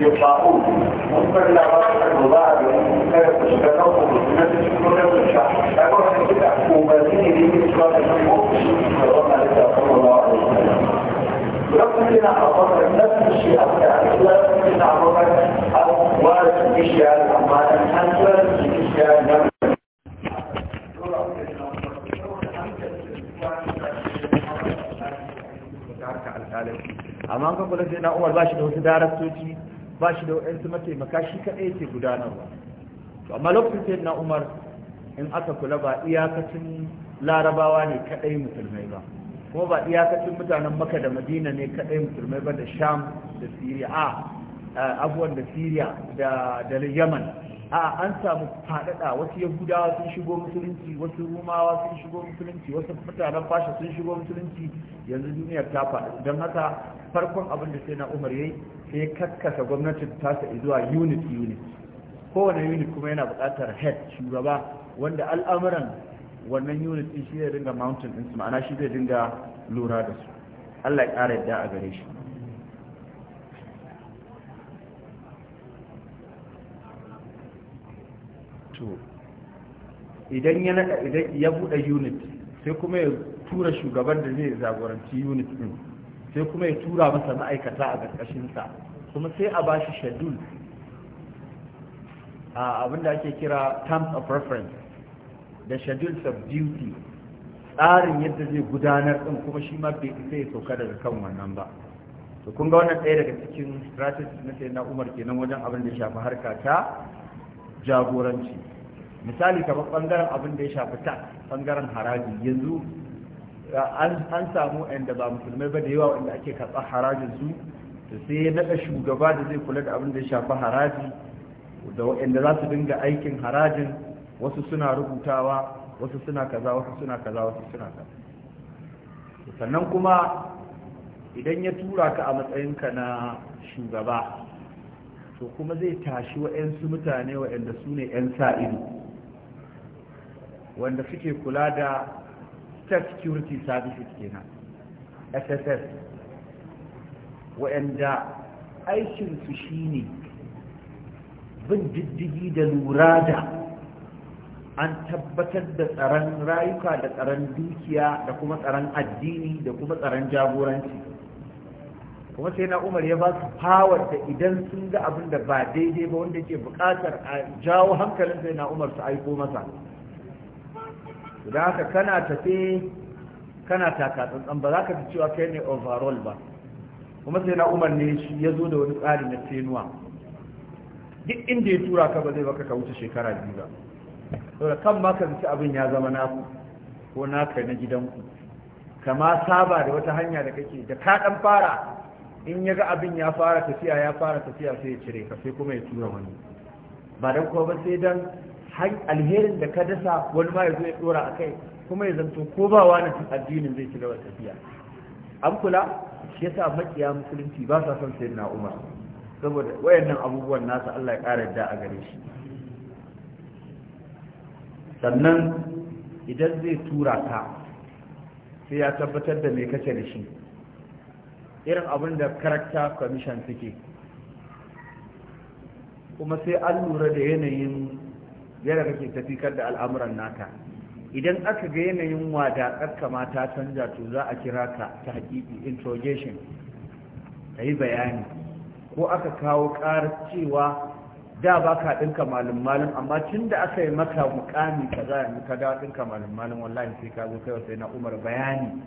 يطلعون مصدر لا رأس المضاعف يتنقل بالنسبة لكل الشعب أقول لك كده حكوماتين دي مش رأس المضاعف يمكن عبر نفس الشيء أبدا يمكن عبر أبواب الشيء الأمان الحنسل الشيء الأمان amma kan kula sai na umar ba shi da wasu daraktoci ba shi da wasu mataimaka shi kaɗai ke gudanarwa to amma lokacin sai na umar in aka kula ba iyakacin larabawa ne kaɗai musulmai ba kuma ba iyakacin mutanen maka da madina ne kadai musulmai ba da sham da siriya a abuwan da siriya da yaman a an samu fadada wasu yahudawa sun shigo musulunci wasu rumawa sun shigo musulunci wasu mutanen fasha sun shigo musulunci yanzu duniyar ta faɗa don haka farkon abin da sai na umar yayi sai ya kakkasa gwamnatin tasa zuwa unit unit kowane unit kuma yana buƙatar head shugaba wanda al'amuran wannan unit din shi zai dinga mountain din su ma'ana shi zai dinga lura da su Allah ya ƙara yadda a gare shi to idan ya naka idan ya bude unit sai kuma ya tura shugaban da zai jagoranci unit din sai kuma ya tura masa ma'aikata a ƙarƙashin kuma sai a bashi schedule a abin da ake kira terms of reference da schedules of duty tsarin yadda zai gudanar din kuma shi ma bai isa ya sauka daga kan wannan ba to kun ga wannan ɗaya daga cikin strategy na sayyidina Umar kenan wajen abin da ya shafi harka ta jagoranci misali kamar bangaren abin da ya shafi ta bangaren haraji yanzu an samu da ba musulmai ba da yawa wanda ake karɓar harajin su to sai ya naɗa shugaba da zai kula da abin da ya shafi haraji da waɗanda za su dinga aikin harajin wasu suna rubutawa wasu suna kaza wasu suna kaza wasu suna kaza sannan kuma idan ya tura ka a matsayinka na shugaba to kuma zai tashi waɗansu mutane wa'yanda su ne 'yan sa'ido wanda suke kula da state security services kenan sss wa'yanda aikinsu shine bin diddigi da lura da an tabbatar da tsaron rayuka da tsaron dukiya da kuma tsaron addini da kuma tsaron jagoranci kuma sai na umar ya ba su fawar da idan sun ga abin da ba daidai ba wanda ke bukatar a jawo hankalin sai na umar su aiko masa Idan haka kana tafe kana taka tsantsan ba za ka fi cewa kai ne overall ba kuma sai na umar ne shi ya zo da wani tsari na tenuwa duk inda ya tura ka ba zai baka ka wuce shekara biyu ba saboda kan ma ka abin ya zama naku ko naka na gidanku kama saba da wata hanya da kake da ka dan fara in ya ga abin ya fara tafiya ya fara tafiya sai ya cire ka sai kuma ya tura wani ba dan ko ba sai dan alherin da ka dasa wani ma ya zo ya dora a kai kuma ya zanto ko ba wani addinin zai ci gaba tafiya an kula shi yasa makiya musulunci ba sa son sayyidina Umar saboda wayannan abubuwan nasa Allah ya ƙara da a gare shi sannan idan zai tura ka sai ya tabbatar da mai kace da shi irin abin da karakta commission suke kuma sai an lura da yanayin yadda kake tafikar da al'amuran naka idan aka ga yanayin wadatar mata canza to za a kira ka ta haƙiƙi interrogation ka yi bayani ko aka kawo ƙarar cewa da ba ka dinka malum malin amma tun da aka yi maka mukami ka za yanzu ka da ɗinka malum malin wallahi sai ka zo kawai sai na umar bayani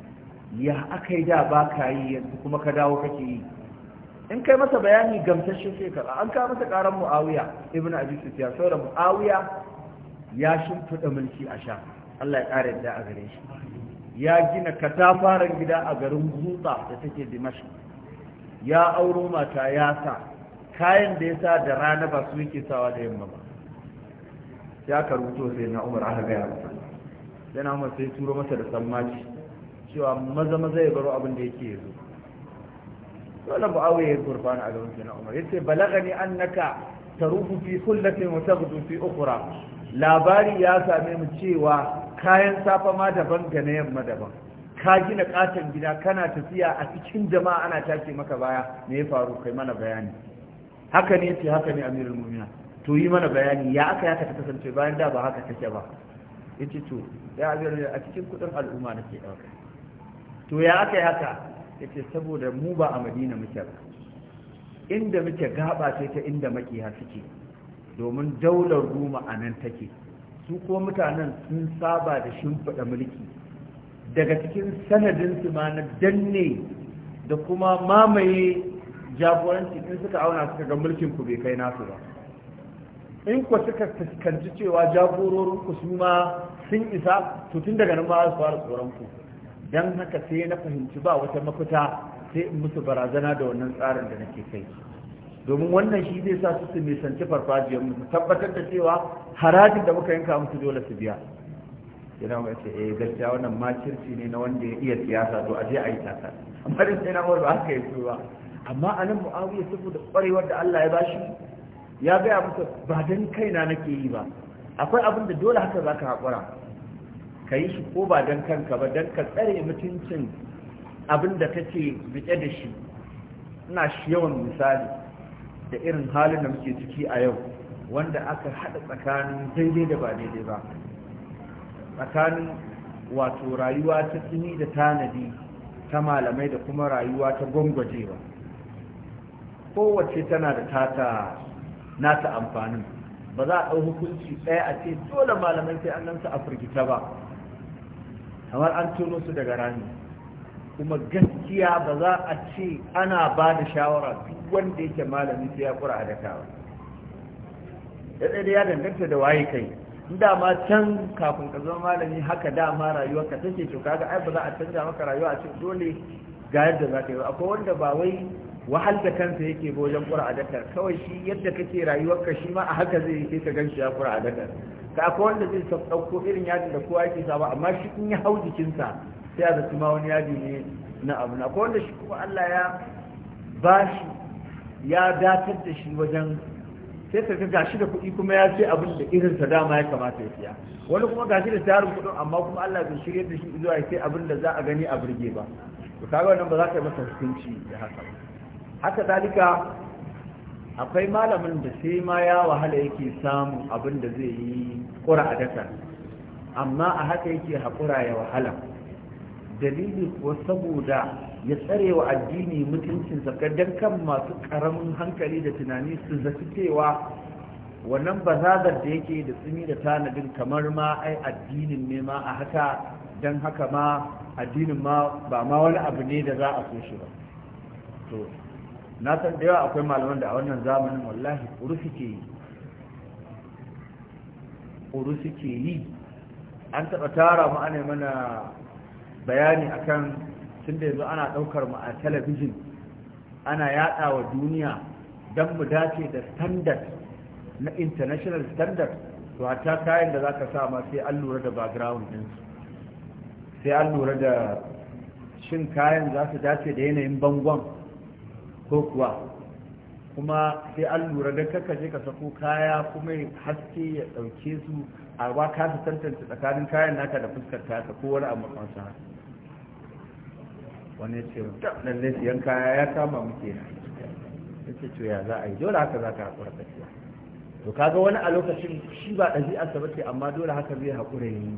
ya aka yi da ba ka yi yanzu kuma ka dawo kake yi in kai masa bayani gamsashen sai ka an ka masa karan muawiya Ibn abi sufiya saboda muawiya ya shimfiɗa mulki a sha Allah ya ƙara yadda a gare shi ya gina katafaren gida a garin hutsa da take dimashq ya auro mata ya sa kayan da ya sa da rana ba su yake sawa da yamma ba ya ka rubuto sai na umar aka gaya masa sai na umar sai turo masa da sammaci cewa maza maza ya baro abin da yake zo. dole ba awe ya gurbana a gaban sai na umar yace balagani annaka tarufu fi kullatin wa taghdu fi ukhra labari ya same mu cewa kayan safa ma daban ga na yamma daban ka gina katon gida kana tafiya a cikin jama'a ana take maka baya me ya faru kai mana bayani haka ne ce haka ne amirul mu'mina to yi mana bayani ya aka ya ta kasance bayan da ba haka take ba yace to ya amirul a cikin kudin al'umma nake dauka to ya aka yi haka yace saboda mu ba a Madina muke ba inda muke gaba ce ta inda makiya suke domin daular ruma a nan take su ko mutanen sun saba da shimfiɗa mulki daga cikin sanadin su ma na danne da kuma mamaye jagoranci in suka auna suka ga mulkin ku bai kai nasu ba in ku suka fuskanci cewa jagororin ku su ma sun isa to tun daga nan ba su fara tsoron ku dan haka sai na fahimci ba wata mafita sai in musu barazana da wannan tsarin da nake kai domin wannan shi zai sa su su nisanci farfajiyar musu tabbatar da cewa harajin da muka yanka musu dole su biya yana mai ce eh gaskiya wannan makirci ne na wanda ya iya siyasa to aje a yi tasa amma dai sai na ba haka yi ba amma a nan mu'awiyar saboda kwarewar da Allah ya bashi ya gaya masa ba don kaina nake yi ba akwai abin da dole haka za ka haƙura ka yi shi ko ba dan kanka ba don ka tsare mutuncin abin da kake riƙe da shi ina shi yawan misali da irin halin da muke ciki a yau wanda aka haɗa tsakanin daidai da ba daidai ba tsakanin wato rayuwa ta tsini da tanadi ta malamai da kuma rayuwa ta gwangwajewa kowace tana da tata nata amfanin ba za a ɗau hukunci ɗaya a ce dole malamai sai an gansa a firgita ba kamar an tono su daga rami kuma gaskiya ba za a ce ana ba da shawara duk wanda yake malami sai ya kura a dakawa da ɗaya ya danganta da waye kai ma can kafin ka zama malami haka dama rayuwar ka take to kaga ai ba za a canja maka rayuwa a ce dole ga yadda za ka yi akwai wanda ba wai wahal da kansa yake bojan ƙura dakar kawai shi yadda kake rayuwarka shi ma a haka zai yi sai ka ganshi ya ƙura dakar ka akwai wanda zai ɗauko irin yadin da kowa yake saba amma shi in ya hau jikinsa sai a zaci ma wani yadi ne na abu na akwai wanda shi kuma Allah ya ba shi ya datar da shi wajen sai ka ga shi da kuɗi kuma ya ce abin da irin sa dama ya kamata ya siya wani kuma gashi da tarin kuɗin amma kuma Allah bai shirye da shi zuwa ya sai abin da za a gani a birge ba to kaga wannan ba za ka yi masa hukunci da haka ba haka zalika akwai malamin da sai ma ya wahala yake samun abin da zai yi kura a dasa amma a haka yake haƙura ya wahala dalili kuwa saboda ya tsarewa addini mutuncin zakar kan masu ƙaramin hankali da tunani su zaci cewa wannan bazazar da yake da tsini da tanadin kamar ma ai addinin ne ma a haka don haka ma addinin ma ba ma wani abu ne da za a so shi ba na san da yawa akwai malaman da a wannan zamanin wallahi kuru suke yi Kuru suke yi an taɓa tara mu mana bayani akan tun da yanzu ana ɗaukar mu a talabijin ana yaɗa wa duniya don mu dace da standard na international standard to ta kayan da za ka sa ma sai an lura da background ɗinsu sai an lura da shin kayan za su dace da yanayin bangon ko kuwa kuma sai an lura don kaka je ka sako kaya kuma haske ya dauke su a ba ka su tantance tsakanin kayan naka da fuskar ta ko wani abu makamsa wani ya ce lallai siyan kaya ya kama muke na ya ce to ya za a yi dole haka za ka haƙura tafiya to kaga wani a lokacin shi ba ɗabi'arsa ba ce amma dole haka zai haƙura yi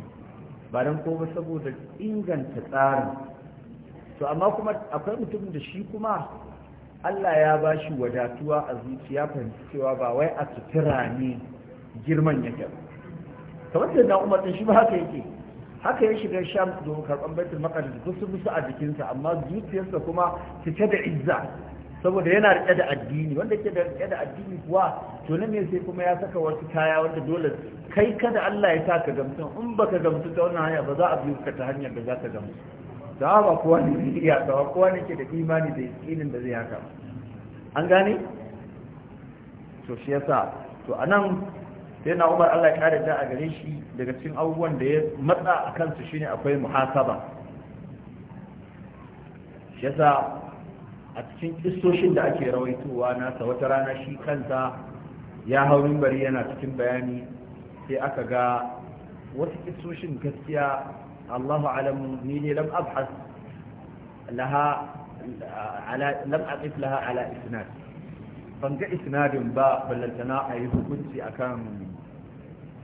ba don ko ba saboda inganta tsarin to amma kuma akwai mutum da shi kuma Allah ya ba shi wadatuwa a zuciya fahimci cewa ba wai a sutura ne girman yake kamar da na umar shi ba haka yake haka ya shiga sham domin karɓar baitul maqdis kusa musu a jikinsa amma zuciyarsa kuma cike da izza saboda yana rike da addini wanda ke da rike da addini kuwa to na ne sai kuma ya saka wasu kaya wanda dole kai kada Allah ya sa ka gamsu in baka gamsu ta wannan hanya ba za a biyo ka ta hanyar da za ka gamsu dawa ba kowa ne iya dawa kowa ne ke da imani da yakinin da zai haka an gane to shi yasa to anan sai na Umar Allah ya da a gare shi daga cikin abubuwan da ya matsa a kansu shine akwai muhasaba shi yasa a cikin kistoshin da ake rawaitowa nasa wata rana shi kansa ya hau mimbari yana cikin bayani sai aka ga wasu kistoshin gaskiya الله أعلم مني لم أبحث لها على لم أقف لها على إسناد فنجا إسناد با بللتنا أيه كنت أكام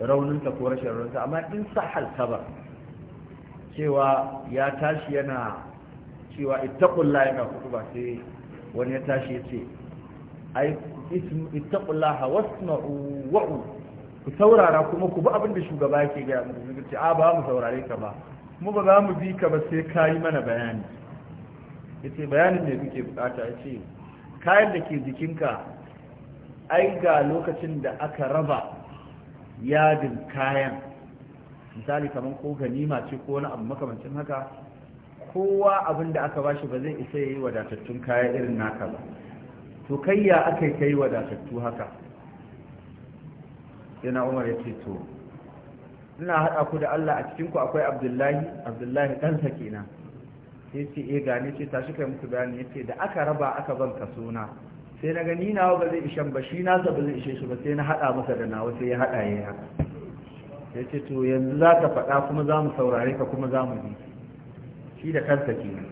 روننك ورش الرنك أما إن صح الخبر cewa ya tashi yana cewa ittaqullah yana kutuba sai wani ya tashi ya ce ai ittaqullah wasma'u wa'u ku saurara kuma ku bi abin da shugaba yake ga mu ce a ba mu saurare ka ba mu ba za mu bi ka ba sai ka yi mana bayani ya ce bayanin ne kuke bukata ya ce kayan da ke jikinka ai ga lokacin da aka raba yadin kayan misali kamar ko ganima ce ko wani abu makamancin haka kowa abin da aka bashi ba zai isa ya yi wadatattun kaya irin naka ba to kai ya aka yi wadatattu haka yana umar ya ce to ina haɗa ku da Allah a cikin ku akwai Abdullahi Abdullahi ɗansa kenan sai ce eh gane ce tashi kai muku bayani yace da aka raba aka ban ka suna. sai na gani nawa ba zai ishan ba shi nasa ba zai ishe shi ba sai na haɗa masa da nawa sai ya haɗa ya haka Ya ce to yanzu za ka faɗa kuma za mu saurare ka kuma za mu bi shi da kansa kenan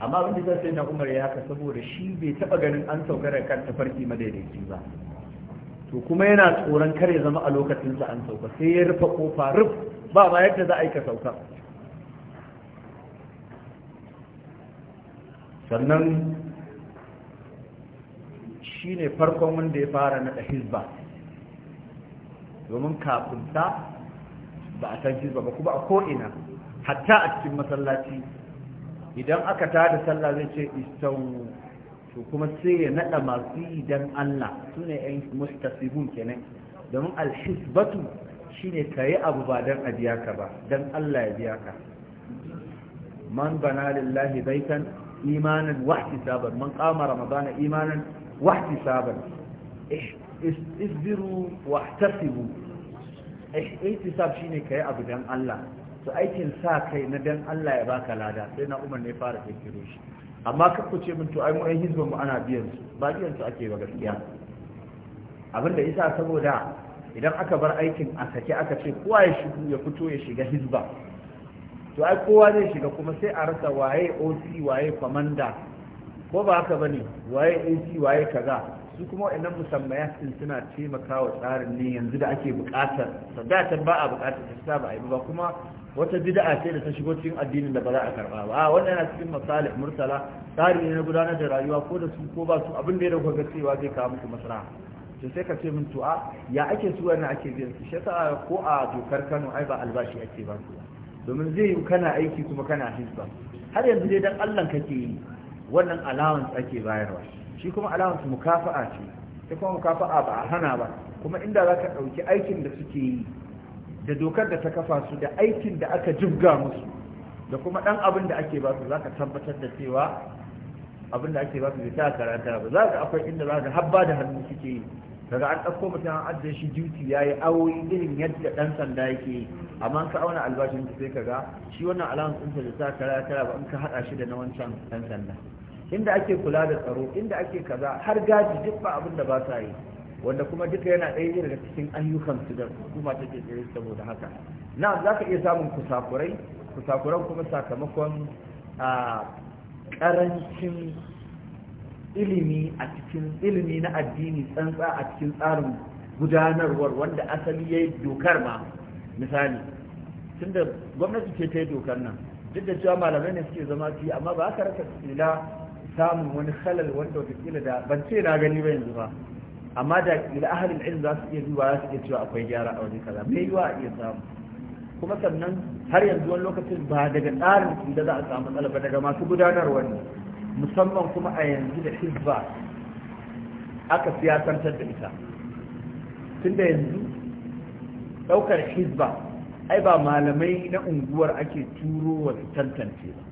amma wanda zai sai na umar ya haka saboda shi bai taba ganin an sauka da kanta farki madaidaici ba to kuma yana tsoron kare zama a lokacinsa an sauka sai ya rufe kofa ruf ba ma yadda za a yi ka sauka sannan shi ne farkon wanda ya fara naɗa hizba domin kafinta ba a san hizba ba kuma a ko'ina hatta a cikin masallaci idan aka tada sallah zai ce istawu to kuma sai ya nada masu idan dan Allah su ne yan mustasibun kenan domin alhisbatu shine ka yi abu ba dan a biya ka ba dan Allah ya biya ka man bana lillahi baitan imanan wahtisaban man qama ramadana imanan wahtisaban isbiru wahtasibu ihtisab shine kayi abu dan Allah to aikin sa kai na dan Allah ya baka lada sai na umar ne fara kirkiro shi amma ka kuce min to ai mu ai hizba mu ana biyan su ba biyan su ake ba gaskiya abinda isa saboda idan aka bar aikin a sake aka ce kowa ya shigo ya fito ya shiga hizba to ai kowa zai shiga kuma sai a rasa waye OC waye komanda ko ba haka bane waye AC waye kaza su kuma waɗannan musammayan sun suna taimakawa tsarin ne yanzu da ake bukatar sadatar ba a bukatar ta ba a yi ba kuma wata bid'a ce da ta shigo cikin addinin da ba za a karba ba a wannan yana cikin masalih mursala tsari ne na gudanar da rayuwa ko da su ko ba su abin da ya dauka cewa zai kawo musu masara to sai ka ce min to a ya ake su wannan ake biyan su shi ko a dokar Kano ai ba albashi ake ba su domin zai yi kana aiki kuma kana hisba har yanzu dai dan Allah kake yi wannan allowance ake bayarwa shi kuma allowance mukafa'a ce sai kuma mukafa'a ba a hana ba kuma inda za ka ɗauki aikin da suke yi da dokar da ta kafa su da aikin da aka jibga musu da kuma ɗan abin da ake ba su za ka tabbatar da cewa abin da ake ba su bai karanta ba za ka akwai inda za ka habba da hannu suke yi daga an ɗauko mutum an ajiye shi duty ya yi awoyi irin yadda ɗan sanda yake yi amma ka auna albashin ka sai ka ga shi wannan alamun ɗinsa da ta karanta ba in ka haɗa shi da na wancan ɗan sanda inda ake kula da tsaro inda ake kaza har gaji duk ba abin ba sa yi wanda kuma duka yana ɗaya daga cikin ayyukan su da hukuma take tsere saboda haka na za ka iya samun kusakurai kusakuran kuma sakamakon a ƙarancin ilimi a cikin ilimi na addini tsantsa a cikin tsarin gudanarwar wanda asali ya yi dokar ma misali tunda gwamnati ce ta yi dokar nan duk da cewa malamai ne suke zama fi amma ba ka rasa tsila samun wani halal wanda wata da ban ce na gani ba yanzu ba amma da ila ahalin ilm za su iya duba za su iya cewa akwai gyara a wajen kaza mai yiwa a iya samu kuma sannan har yanzu wani lokacin ba daga tsarin da za a samu matsala ba daga masu gudanarwa ne musamman kuma a yanzu da hizba aka siyasantar da ita tun da yanzu ɗaukar hizba ai ba malamai na unguwar ake turo wa tantance ba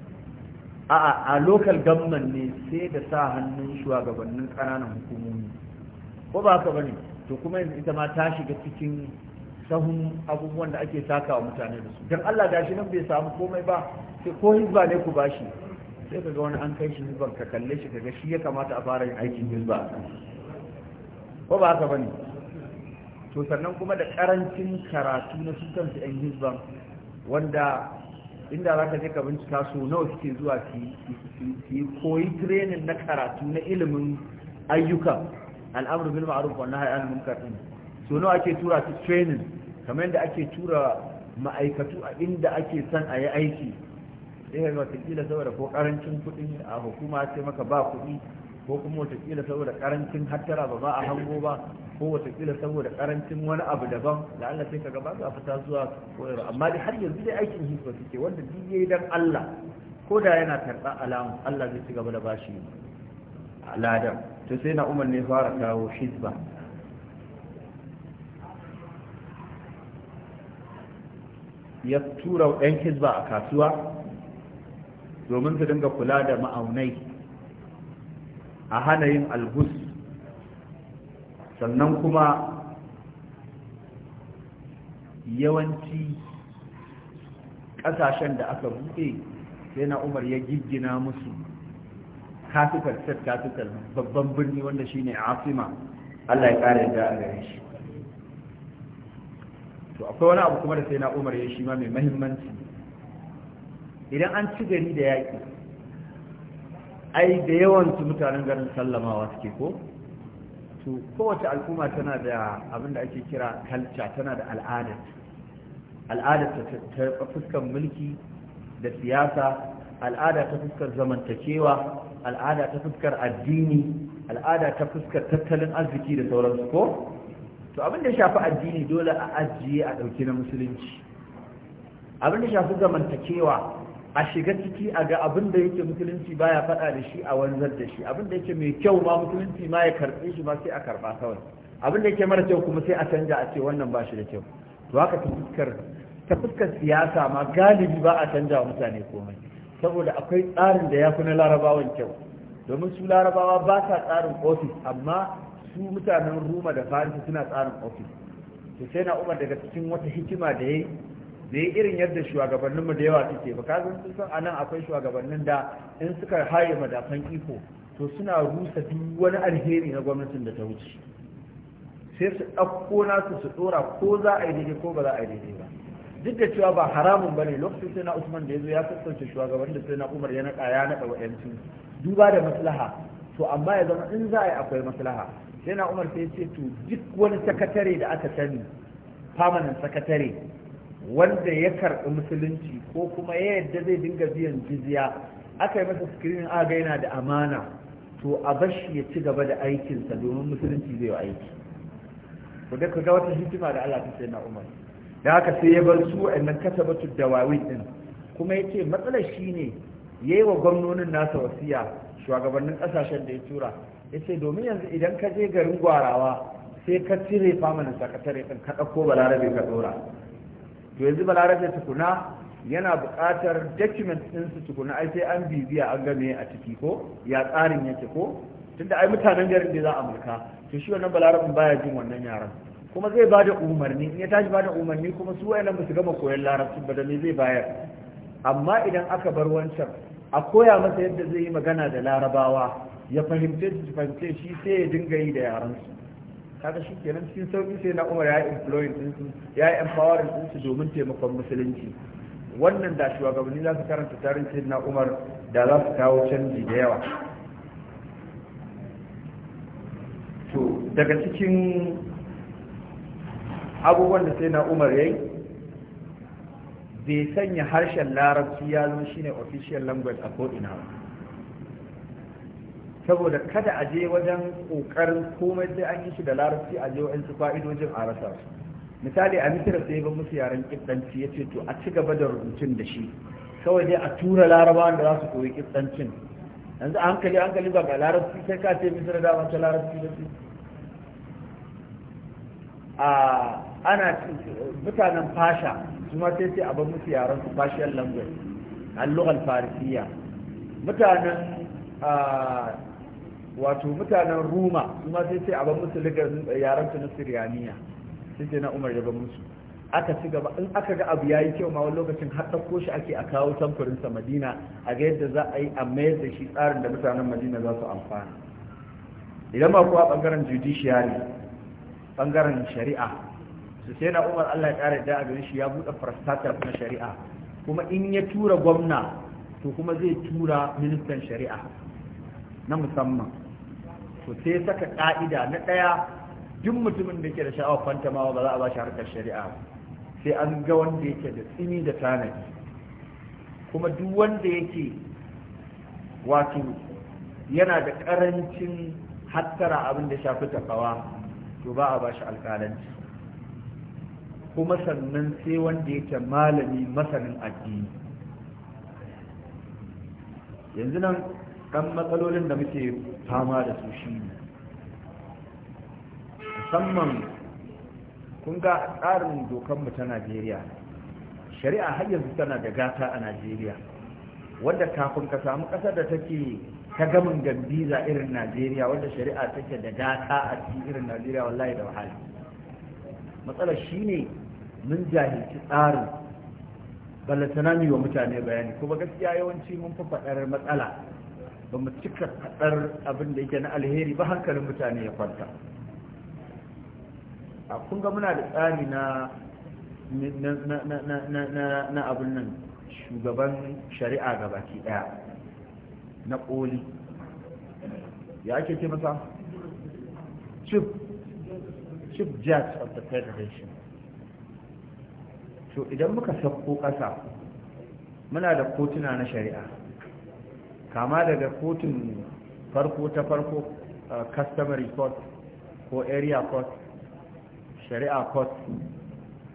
a'a a local government ne sai da sa hannun shugabannin ƙananan hukumomi ko ba haka bane to kuma yanzu ita ma ta shiga cikin sahun abubuwan da ake saka wa mutane da su dan Allah gashi nan bai samu komai ba sai ko hizba ne ku bashi sai ga wani an kai shi hizban ka kalle shi kaga shi ya kamata a fara yin aikin hizba ko ba haka bane to sannan kuma da karancin karatu na su kansu yan hizban wanda inda za ka je ka bincika su nawa suke zuwa su yi koyi training na karatu na ilimin ayyuka al'amru bil ma'ruf wan nahyi anil munkar din so nawa ake tura su training kamar yadda ake tura ma'aikatu a inda ake san a yi aiki sai ga watakila saboda ko karancin kuɗi a hukuma sai maka ba kuɗi ko kuma kila saboda karancin hattara ba ba a hango ba ko kila saboda karancin wani abu daban da Allah sai kaga ba za fita zuwa koyarwa amma dai har yanzu dai aikin hisba suke wanda duk yayi dan Allah ko da yana karɓar alamu Allah zai ci gaba da bashi ladan to sai na umar ne fara kawo hizba ya tura ɗan hizba a kasuwa domin su dinga kula da ma'aunai a hana yin algus sannan kuma yawanci ƙasashen da aka buɗe sai na umar ya giggina musu capital set capital babban birni wanda shine asima Allah ya kare da gare shi to akwai wani abu kuma da sai na Umar ya shi ma mai mahimmanci idan an ci gari da yaki ai da yawan su mutanen garin sallamawa suke ko to kowace al'umma tana da abin da ake kira kalca tana da al'adar al'adar ta fuskan mulki da siyasa al'ada ta fuskar zamantakewa al'ada ta fuskar addini al'ada ta fuskar tattalin arziki da sauransu ko to abin da shafi addini dole a ajiye a ɗauki na musulunci abin da shafi zamantakewa a shiga ciki a ga abin da yake musulunci baya faɗa da shi a wanzar da shi abin da yake mai kyau ma musulunci ma ya karɓe shi ma sai a karɓa kawai abin da yake mara kyau kuma sai a canja a ce wannan ba shi da kyau to haka ta fuskar ta fuskar siyasa ma galibi ba a canja wa mutane komai saboda akwai tsarin da ya fi na larabawan kyau domin su larabawa ba sa tsarin ofis amma su mutanen ruma da farisa suna tsarin ofis to sai na umar daga cikin wata hikima da ya da ya irin yadda shugabannin mu da yawa suke ba kazan sun san anan akwai shugabannin da in suka haye madafan iko to suna rusa duk wani alheri na gwamnatin da ta wuce sai su ɗauko nasu su ɗora ko za a yi daidai ko ba za a yi daidai ba duk da cewa ba haramun bane lokacin sai na Usman da yazo ya sassauce shugaban da sai na Umar ya naka ya naka wa'ancin duba da maslaha to amma ya zama in za a yi akwai maslaha sai na Umar sai ce to duk wani sakatare da aka sani permanent sakatare wanda ya karɓi musulunci ko kuma ya yadda zai dinga biyan jizya aka yi masa screening ga yana da amana to a bashi ya ci gaba da aikinsa domin musulunci zai yi aiki ku da ga wata hikima da Allah ta sai na Umar da haka sai ya bar su wa'annan kasabatu dawawi din kuma ya ce matsalar shi ne ya yi wa gwamnonin nasa wasiya shugabannin kasashen da ya tura ya ce domin yanzu idan ka je garin gwarawa sai ka cire famanin sakatare ɗin ka ɗauko balarabe ka ɗora to yanzu balarabe tukuna yana buƙatar document ɗinsu tukuna ai sai an bibiya an game a ciki ko ya tsarin yake ko tunda ai mutanen garin da za a mulka to shi wannan balarabin baya jin wannan yaran kuma zai bada umarni in ya tashi bada umarni kuma su wayan ba su gama koyon larabci ba da me zai bayar amma idan aka bar wancan a koya masa yadda zai yi magana da larabawa ya fahimce su fahimce shi sai ya dinga yi da su kaga shi kenan cikin sauki sai na umar ya employing su ya yi empowering su domin taimakon musulunci wannan da shugabanni za su karanta tarin sai na umar da za su kawo canji da yawa daga cikin abubuwan da sai na umar yayi bai sanya harshen larabci ya zo shine official language a ko'ina ba saboda kada a je wajen kokarin komai sai an yi shi da larabci a je wa'in su fa'idojin a rasa misali a misira sai ba musu yaren kiddanci ya ce to a ci gaba da rubutun da shi kawai dai a tura larabawan da za su koyi kiddancin yanzu a hankali hankali ba ga larabci sai ka ce misira da wancan larabci da su a ana mutanen fasha kuma sai sai abin musu yaren su fashiyan language allughal farisiya mutanen wato mutanen ruma kuma sai sai abin musu yaren su na siriyaniya sai sai na umar ya musu aka ci gaba in aka ga abu yayi kyau ma wani lokacin har ɗauko shi ake a kawo samfurin sa madina a ga yadda za a yi a mayar da shi tsarin da mutanen madina za su amfana idan ba kuwa ɓangaren judiciary bangaren shari'a su sai na umar allah ya ƙara da a shi ya buɗe prostatar na shari'a kuma in ya tura gwamna to kuma zai tura ministan shari'a na musamman to sai saka ka'ida na ɗaya duk mutumin da ke da sha'awar fantamawa ba za a ba shi harkar shari'a sai an ga wanda yake da tsini da tanadi kuma duk wanda yake wato yana da ƙarancin hattara abin da shafi tafawa to ba a bashi alƙalanci kuma sannan sai wanda yake malami masanin addini yanzu nan kan matsalolin da muke fama da su shi ne. musamman kun ga tsarin dokanmu ta najeriya shari'a har yanzu tana da gata a najeriya wanda kafin ka samu ƙasar da take ta gamin gambiza irin najeriya wanda shari'a take da daka a cikin irin najeriya wallahi da wahala matsalar ne mun jahilci tsarin ballatana mu wa mutane bayani kuma gaskiya yawanci mun fi faɗar matsala ba mu cika faɗar abin da yake na alheri ba hankalin mutane ya kwanta a kun ga muna da tsari na na abin nan shugaban shari'a gabaki ɗaya na koli ya ake ce masa chief judge of the federation to idan muka sauko ƙasa muna da kotuna na shari'a kama daga kotun farko ta farko uh, customary court ko area court shari'a court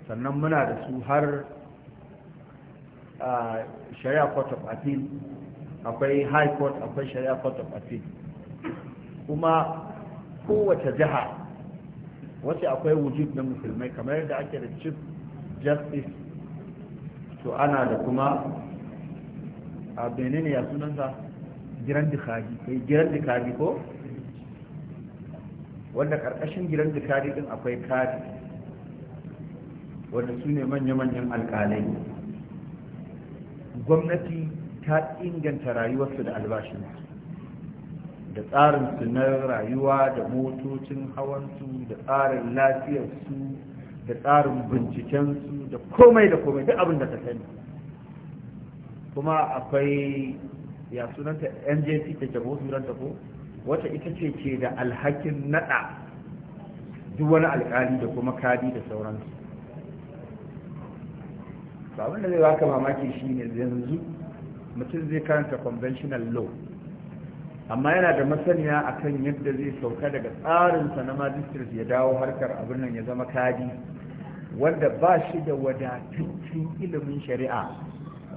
sannan muna da su har uh, shari'a court of appeal akwai high court akwai shari'a court of appeal kuma kowace jiha wacce akwai wujud na musulmai kamar yadda ake da chief justice to ana da kuma a benin ya sunansa giran dikari kai giran dikari ko wanda karkashin giran dikari din akwai kadi wanda su ne manya-manyan alkalai gwamnati ta inganta rayuwarsu da albashinsu da tsarinsu na rayuwa da motocin hawansu da tsarin lafiyarsu da tsarin bincikensu da komai da komai duk abin da ta sani kuma akwai ya sunanta njc ta jabo sunanta ko wata ita ce ke da alhakin nada duk wani alkali da kuma kadi da sauransu ba wanda zai baka mamaki shine yanzu mutum zai karanta conventional law amma yana da masaniya a kan yadda zai sauka daga tsarinsa na magistrate ya dawo harkar abin nan ya zama kadi wanda ba shi da wadatattun ilimin shari'a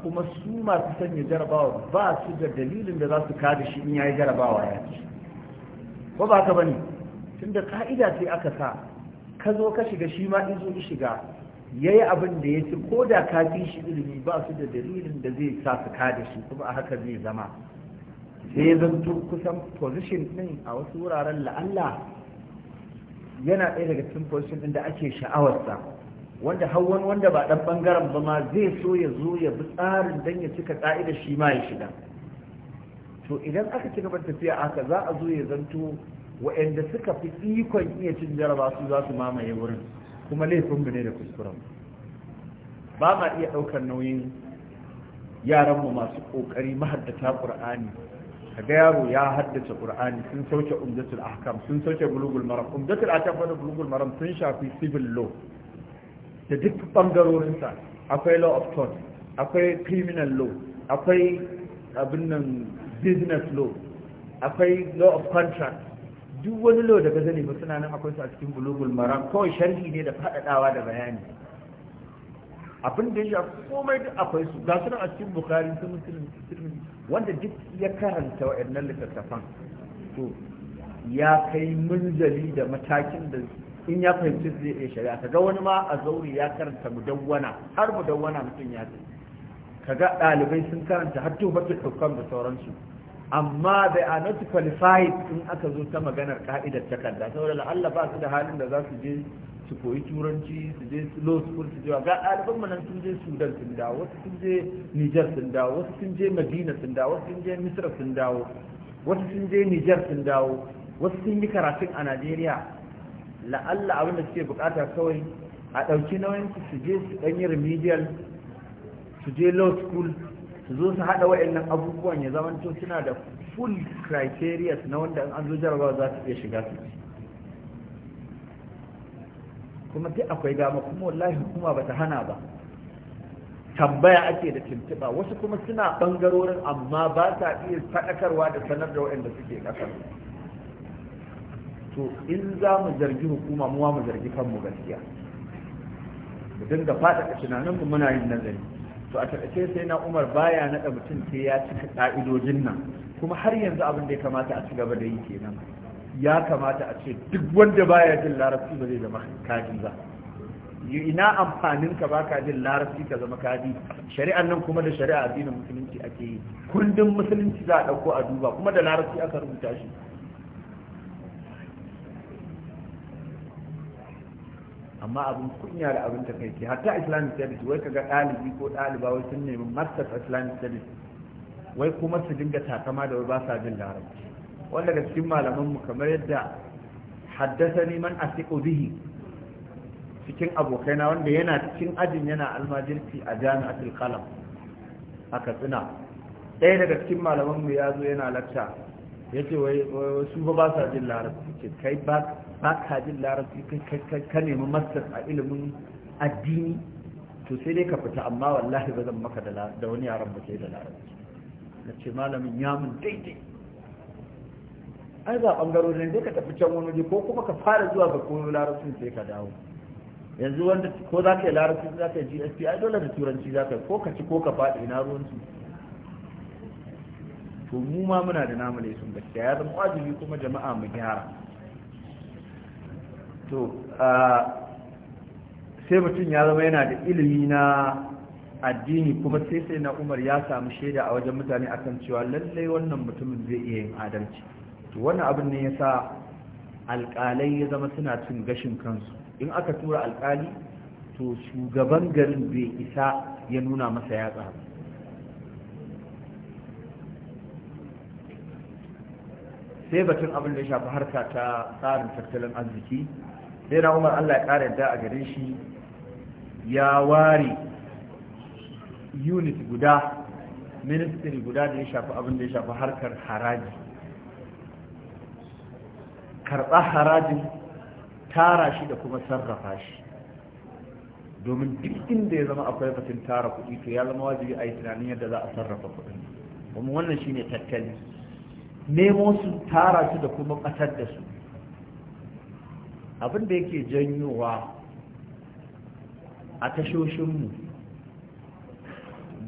kuma su masu sanya jarabawa ba su da dalilin da za su kada shi in ya yi jarabawa ya ci ba ba ka ba ne tun da ka'ida sai aka sa ka zo ka shiga shi ma in zo shiga Yayi abin da ya ci ko da ka fi shi ilimi ba su da dalilin da zai sa su ka da shi kuma a haka zai zama sai zanto kusan position din a wasu wuraren la'alla yana ɗaya daga cikin position ɗin da ake sha'awarsa wanda hawan wanda ba ɗan ɓangaren ba ma zai so ya zo ya bi tsarin don ya cika ƙa'ida shi ma ya shiga to idan aka ci tafiya haka za a zo ya zanto wa'anda suka fi ikon iya cin jaraba su za su mamaye wurin kuma laifinmu ne da kuskuren ba ma iya ɗaukar nauyin yaranmu masu ƙoƙari mahaddata ƙur'ani ka ga yaro ya haddace ƙur'ani sun sauke umdatul ahkam sun sauke bulugul maram umdatul ahkam da bulugul maram sun shafi civil law da duk ɓangarorinsa akwai law of tort akwai criminal law akwai abin nan business law akwai law of contract duk wani lo da gazali ba suna nan akwai su a cikin bulugul maram kawai sharhi ne da faɗaɗawa da bayani abin da ya komai duk akwai su ga suna a cikin bukari su musulmi wanda duk ya karanta wa'annan littattafan to ya kai munzali da matakin da in ya fahimci zai iya shari'a kaga wani ma a zauri ya karanta mudawwana har mudawwana mutum ya ce kaga ɗalibai sun karanta har tubatul hukam da sauransu amma they are not qualified in aka zo ta maganar ka'idar takarda saboda la'alla ba su da halin da za su je su koyi turanci su je law school su je ga ɗaliban mu nan sun je sudan sun dawo wasu sun je niger sun dawo wasu sun je madina sun dawo wasu sun je misra sun dawo wasu sun je niger sun dawo wasu sun yi karatun a najeriya la'alla abin da suke bukata kawai a ɗauki nauyin su je su ɗan yi remedial su je law school su zo su haɗa wa'annan abubuwan ya zamanto suna da full criteria na wanda an zo jarabawa za su iya shiga su kuma duk akwai gama kuma wallahi hukuma ba ta hana ba tambaya ake da tuntuɓa wasu kuma suna ɓangarorin amma ba sa iya faɗakarwa da sanar da waɗanda suke ƙasar to in za mu zargi hukuma muwa mu zargi kanmu gaskiya mu dinga faɗaɗa tunaninmu muna yin nazari to a taƙaice sai na umar baya naɗa mutum sai ya cika ƙa'idojin nan kuma har yanzu abin da ya kamata a ci gaba da yi kenan ya kamata a ce duk wanda baya jin larabci ba zai zama kaji ba ina amfanin ka ba ka jin larabci ka zama kaji shari'an nan kuma da shari'a addinin musulunci ake yi kundin musulunci za a ɗauko a duba kuma da larabci aka rubuta shi amma abin kunya da abin takaici hatta islamic studies wai kaga ɗalibi ko ɗaliba wai sun nemi masters islamic studies wai kuma su dinga takama da wai ba sa jin larabci wanda daga cikin malaman mu kamar yadda haddasani man asiqu bihi cikin abokaina wanda yana cikin ajin yana almajirci a jami'atul qalam a katsina ɗaya daga cikin malaman mu ya zo yana lakta ya ce wai su ba ba sa jin larabci ce kai ba ba ka jin larabci ka nemi masters a ilimin addini to sai dai ka fita amma wallahi ba zan maka da wani yaran ba sai da larabci na ce malamin ya mun daidai ai ba ne dai ka tafi can wani waje ko kuma ka fara zuwa ga koyo larabcin sai ka dawo yanzu wanda ko za ka yi larabci za ka yi gsp ai dole da turanci za ka yi ko ka ci ko ka faɗi ina ruwansu to mu ma muna da namu ne sun gaskiya ya zama wajibi kuma jama'a mu gyara to sai mutum ya zama yana da ilimi na addini kuma sai sai na umar ya samu shaida a wajen mutane akan cewa lallai wannan mutumin zai iya yin adalci to wannan abin ne ya sa alƙalai ya zama suna cin gashin kansu in aka tura alkali to shugaban garin bai isa ya nuna masa yatsa sai batun abin da ya shafi harka ta tsarin tattalin arziki sai na umar allah ya ƙara yadda a gare shi ya ware unit guda ministry guda da ya shafi abin da ya shafi harkar haraji karɓa harajin tara shi da kuma sarrafa shi domin duk inda ya zama akwai batun tara kuɗi to ya zama wajibi a yi tunanin yadda za a sarrafa kuɗi kuma wannan shi ne tattali nemo su tara su da kuma ƙasar da su abin da yake janyowa a tashoshinmu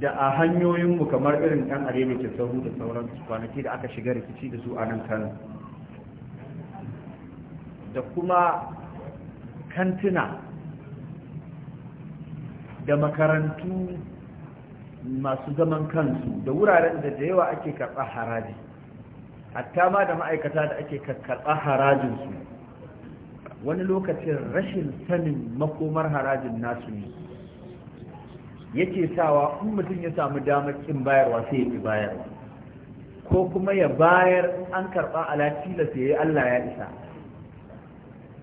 da a hanyoyinmu kamar irin ɗan arewacin sauru da sauran kwanaki da aka shiga rikici da su a nan kan, da kuma kantina da makarantu masu zaman kansu da wuraren da da yawa ake karɓar haraji hatta ma da ma'aikata da ake karɓar harajinsu wani lokacin rashin sanin makomar harajin nasu ne yake sawa in mutum ya samu damar kin bayarwa sai ya bayarwa ko kuma ya bayar an karɓa ala tilasta ya Allah ya isa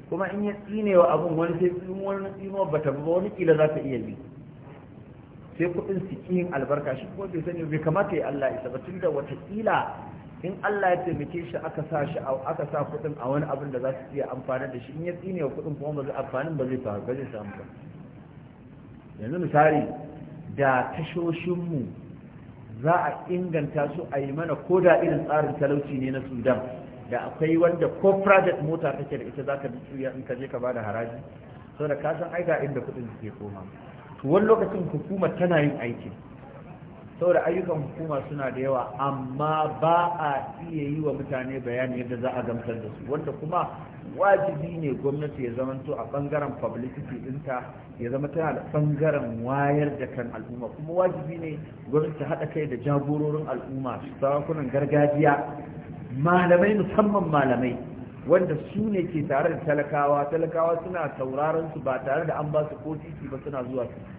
kuma in ya tsine wa abin wani sai tsin wani tsino ba ta ba wani kila za ta iya bi sai kuɗin su yin albarka shi ko bai sani bai kamata ya Allah isa ba tun da watakila in Allah ya taimake shi aka sa shi aka sa kuɗin a wani abin da za su iya amfani da shi in ya tsine wa kuɗin kuma ba zai amfanin ba zai faru ba zai samu ba yanzu misali da tashoshinmu za a inganta su a yi mana ko da irin tsarin talauci ne na sudan da akwai wanda ko project mota take da ita za ka juya in ka je ka bada haraji saboda ka san aika inda kuɗin suke koma to wani lokacin hukumar tana yin aiki. saboda ayyukan hukuma suna da yawa amma ba a iya yi wa mutane bayani yadda za a gamsar da su wanda kuma wajibi ne gwamnati ya zamanto a bangaren publicity dinta ya zama tana da bangaren wayar da kan al'umma kuma wajibi ne gwamnati ta haɗa kai da jagororin al'umma sarakunan gargajiya malamai musamman malamai wanda su ne ke tare da talakawa talakawa suna sauraron su ba tare da an ba su ko titi ba suna zuwa su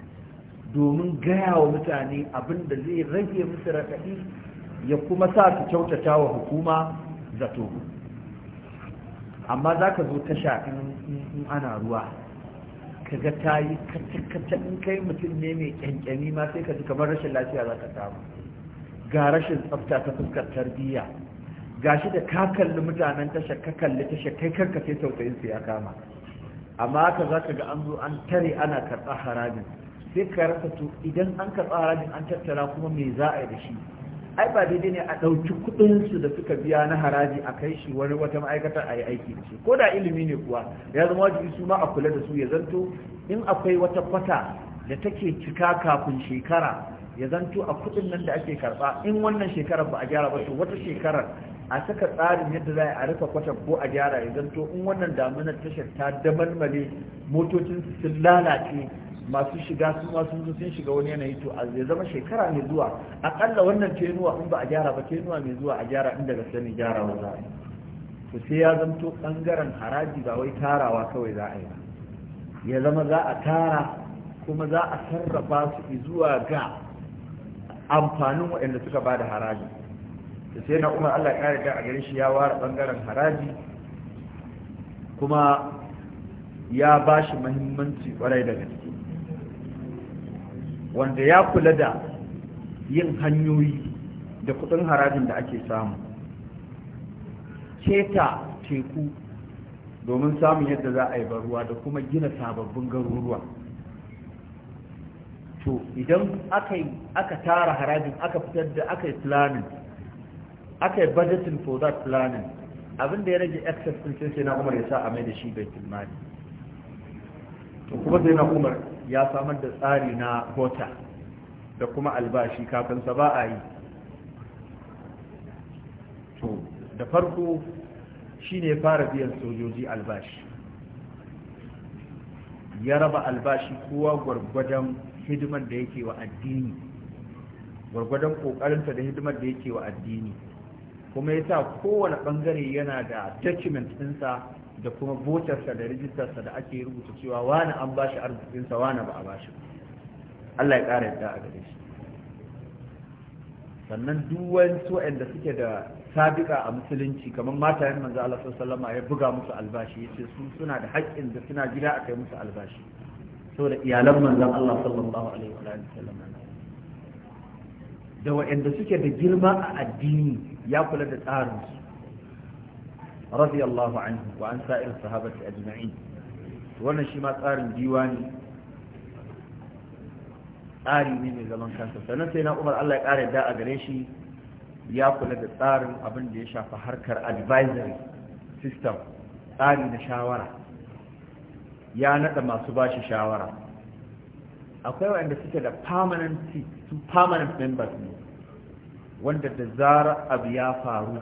domin gaya wa mutane abin da zai rage musu raɗaɗi ya kuma sa su kyautata wa hukuma zato amma za ka zo tasha in ana ruwa ka ga ta yi kacce in kai mutum ne mai kyankyami ma sai ka ji kamar rashin lafiya za ka samu ga rashin tsafta ta fuskar tarbiyya gashi da ka kalli mutanen tasha ka kalli tashar kai karka sai tausayinsu ya kama amma haka za ka ga an zo an tare ana karɓar haramin sai ka rasa to idan an karɓa harajin an tattara kuma me za a yi da shi ai ba daidai ne a ɗauki kuɗinsu da suka biya na haraji a kai shi wani wata ma'aikata a yi aiki da shi ko da ilimi ne kuwa ya zama wajibi su ma a kula da su ya zanto in akwai wata kwata da take cika kafin shekara ya zanto a kuɗin nan da ake karba in wannan shekarar ba a gyara ba to wata shekarar a saka tsarin yadda za a rufe kwatan ko a gyara ya zanto in wannan damunar tashar ta damalmale motocin sun lalace masu shiga sun masu sun sun shiga wani yanayi to ya zama shekara mai zuwa akalla wannan tenuwa in ba a gyara ba tenuwa mai zuwa a gyara inda gaske ne wa za a yi to sai ya zamto bangaren haraji ba wai tarawa kawai za a yi ba ya zama za a tara kuma za a sarrafa su zuwa ga amfanin waɗanda suka ba da haraji to sai na umar allah ya da a gare shi ya ware bangaren haraji kuma ya ba shi muhimmanci kwarai da gaske wanda ya kula da yin hanyoyi da kudin harajin da ake samu keta teku domin samun yadda za a yi ruwa da kuma gina sababbin garuruwa to idan aka tara harajin aka fitar da aka yi planning aka yi budgeting for that planning abin da ya rage excess din sai na umar ya sa a mai da shi bai tilmani to kuma sai na umar ya samar da tsari na hota da kuma albashi kafinsa ba a yi to da farko shi ne fara biyan sojoji albashi ya raba albashi kowa gwargwadon hidimar da yake wa addini gwargwadon kokarinta da hidimar da yake wa addini kuma ya sa kowane bangare yana da document ɗinsa da kuma botarsa da rijistarsa da ake rubuta cewa wani an ba shi arzikinsa wani ba a ba shi Allah ya ƙara yadda a gare shi sannan duk wasu waɗanda suke da sabiƙa a musulunci kamar matayen manzo Allah sallallahu alaihi ya buga musu albashi yace su suna da haƙƙin da suna gida a kai musu albashi saboda iyalan manzon Allah sallallahu alaihi wa sallam da waɗanda suke da girma a addini ya kula da tsarin su. radiyallahu anhu wa an sa'ir sahabati ajma'in wannan shi ma tsarin diwani tsari ne mai zaman kansa sannan sai na umar Allah ya ƙara a gare shi ya kula da tsarin abin da ya shafa harkar advisory system tsari na shawara ya naɗa masu bashi shawara akwai wanda suke da permanent su permanent members wanda da zara abu ya faru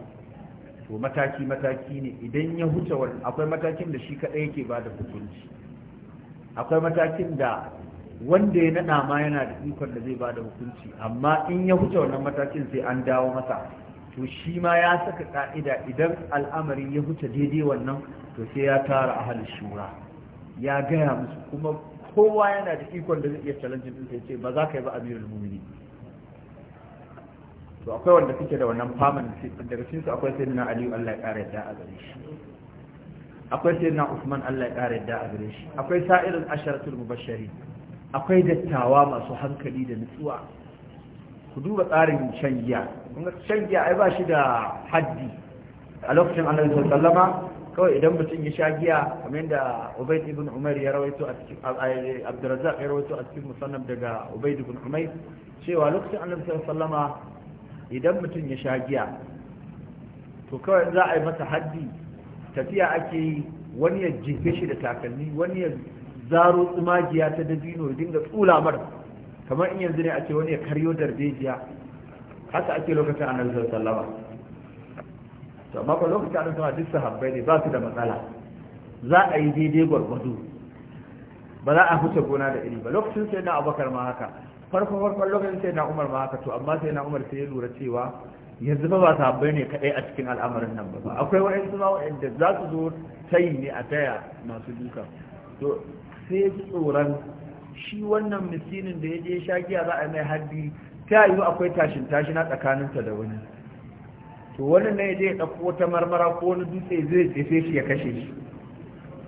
to mataki mataki ne idan ya huce wani akwai matakin da shi kaɗai yake ba da hukunci akwai matakin da wanda ya naɗa ma yana da ikon da zai ba da hukunci amma in ya huce wannan matakin sai an dawo masa to shi ma ya saka ka'ida idan al'amarin ya huce daidai wannan to sai ya tara ahalin shura ya gaya musu kuma kowa yana da ikon da zai iya challenge din sai ce ba za ka yi ba amirul mu'minin to akwai wanda suke da wannan faman daga cikinsu akwai sai na aliyu allah ya ƙara yadda a gare shi akwai sai na usman allah ya ƙara yadda a gare shi akwai sa'irin asharatul mubashari akwai dattawa masu hankali da nutsuwa ku duba tsarin shan giya ga shan giya ai ba shi da haddi a lokacin annabi sallama kawai idan mutum ya sha giya kamar yadda ubayd ibn umar ya rawaito a cikin abdurrazzaq ya rawaito a cikin musannaf daga ubayd ibn umar cewa lokacin annabi sallama idan mutum ya sha giya to kawai za a yi masa haddi tafiya ake yi wani ya jefe shi da takalmi wani ya zaro tsumagiya ta dabino ya dinga tsula mar kamar in yanzu ne a ce wani ya karyo darbejiya haka ake lokacin annabi sallama to amma ko lokacin annabi sallama duk sahabbai ne ba su da matsala za a yi daidai gwargwado ba za a huce gona da iri ba lokacin sai na abokan ma haka farko farkon lokacin sai na umar ma haka to amma sai na umar sai ya lura cewa yanzu ba ba sabbai ne kaɗai a cikin al'amarin nan ba akwai wa'yansu ma wa'yanda za su zo tayi ne a taya masu duka to sai tsoron shi wannan misinin da ya je shagiya za a mai haddi ta yi akwai tashin tashi na tsakaninsa da wani to wani ne ya je ya ɗauko wata marmara ko wani dutse zai tsefe shi ya kashe shi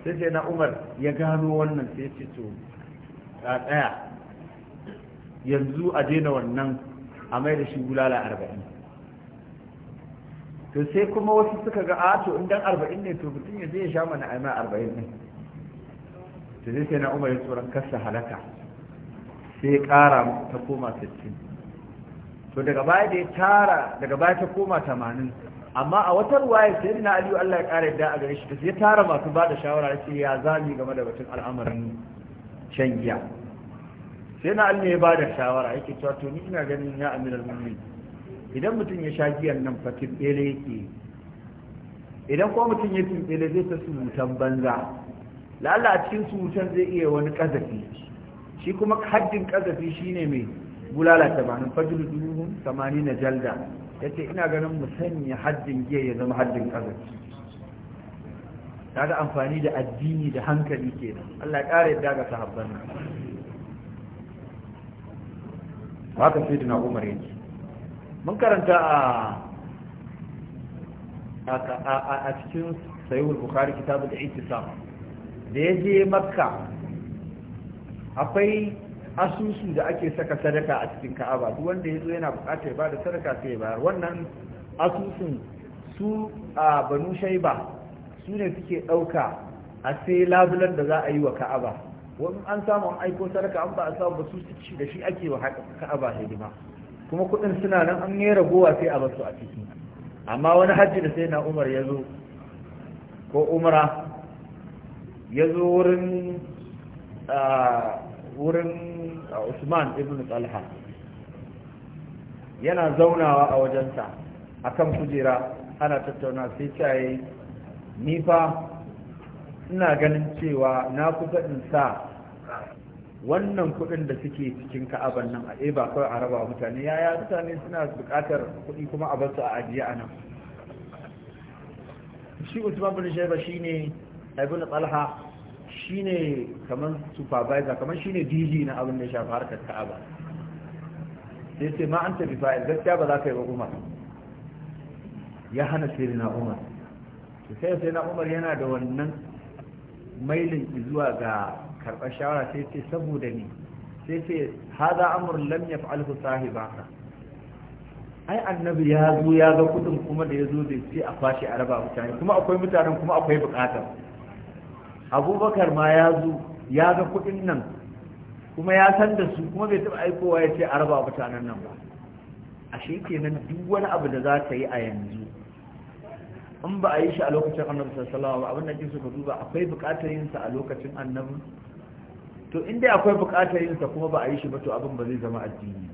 sai sai na umar ya gano wannan sai ce to a tsaya yanzu a daina wannan a mai da shi bulala arba'in to sai kuma wasu suka ga a to dan arba'in ne to mutum ya zai sha mana aima arba'in ne to zai sai na umar ya tsoron kasa halaka sai kara ta koma sittin to daga baya da ya tara daga baya ta koma tamanin amma a wata ruwaya sai na aliyu Allah ya kara yadda a gare shi ya tara masu ba da shawara ya ce ya zami game da batun al'amarin shan giya sai na Allah ya bada shawara yake cewa to ni ina ganin ya amiral mu'min idan mutum ya sha giyan nan fa tibbele yake idan ko mutum ya tibbele zai ta surutan banza lalla a cikin surutan zai iya wani kazafi shi kuma haddin kazafi shine mai bulala tamanin fajr duhun samani na jalda yace ina ganin mu sanya haddin giya ya zama haddin kazafi kaga amfani da addini da hankali kenan Allah ya kare yadda ga sahabban nan haka sai na umar yake mun karanta a a cikin sayuwar bukari kitabul ittisam da ya je makka akwai asusu da ake saka sadaka a cikin ka'aba duk wanda ya zo yana bukatar ya bada sadaka sai ya bayar wannan asusun su a banu shaiba su ne suke ɗauka a sai labulan da za a yi wa ka'aba wani an samu an aiko sadaka an ba a samu ba su ci da shi ake wa ka'aba kuma kuɗin suna nan an yi ragowa sai a basu a ciki amma wani hajji da sai na umar ya zo ko umara ya zo wurin usman ibn talha yana zaunawa a wajensa akan kujera ana tattauna sai ta yi nifa ina ganin cewa na kusa in sa wannan kuɗin da suke cikin ka'aban nan a ba kawai a raba mutane yaya mutane suna buƙatar kuɗi kuma a basu a ajiye a nan shi usman bin shaiba shine ibn talha shine kaman supervisor kaman shine DG na abin da ya shafi harkar ka'aba sai sai ma anta bi fa'il gaskiya ba za ka yi wa umar ya hana sirri na umar sai sai na umar yana da wannan mailin zuwa ga karɓar shawara sai ce saboda ni sai ce haza amur lam yaf'alhu ka ai annabi ya zo ya ga kudin kuma da ya zo da ce a fashe a raba mutane kuma akwai mutanen kuma akwai buƙatar. abubakar ma ya zo ya ga kudin nan kuma ya san da su kuma bai taɓa aikowa ya ce a raba mutanen nan ba ashe kenan duk wani abu da za ka yi a yanzu in ba a yi shi a lokacin annabi sallallahu alaihi abin da kin suka duba akwai buƙatar yin sa a lokacin annabi to in dai akwai buƙatar yin sa kuma ba a yi shi ba to abin ba zai zama addini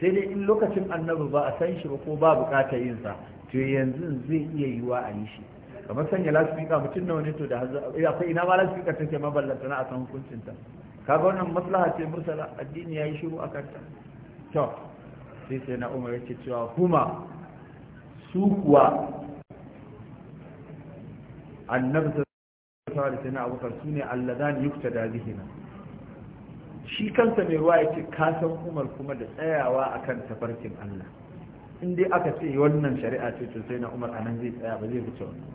sai dai in lokacin annabi ba a san shi ba ko ba buƙatar yin sa to yanzu zai iya yiwa a yi shi kamar sanya lasfika mutum nawa ne to da eh, akwai ina ma lasfika take maballanta na a san hukuncin ta kaga wannan maslaha ce mursala addini yayi shiru akan ta to sai sai na umar yake cewa huma su kuwa annabi sallallahu alaihi wasallam abubakar sune alladan da bihima shi kansa mai ruwa yake kasan umar kuma da tsayawa akan tafarkin Allah in dai aka ce wannan shari'a ce to sai na umar anan zai tsaya ba zai wuce wannan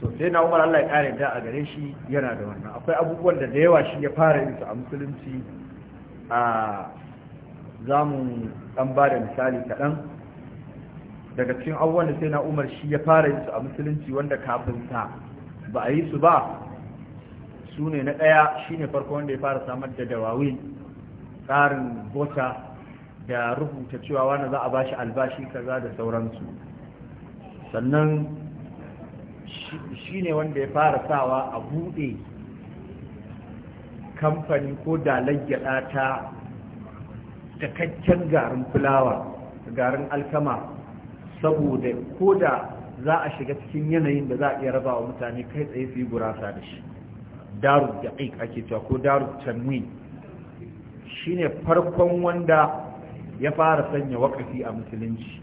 to sai na umar Allah ya kare da a gare shi yana da wannan akwai abubuwan da da yawa shi ya fara yin su a musulunci a za mu ɗan ba da misali kaɗan daga cikin abubuwan da sai na umar shi ya fara yin su a musulunci wanda kafin sa ba a yi su ba su ne na ɗaya shi ne farko wanda ya fara samar da dawawin tsarin bota da rubuta cewa wani za a bashi albashi kaza da sauransu sannan shi ne wanda ya fara sawa a buɗe kamfani ko gyaɗa ta takaccen garin fulawa garin alkama saboda ko da za a shiga cikin yanayin da za a iya rabawa mutane kai tsaye su yi gurasa da shi daru da aik ake cewa ko daru shi ne farkon wanda ya fara sanya wakafi a musulunci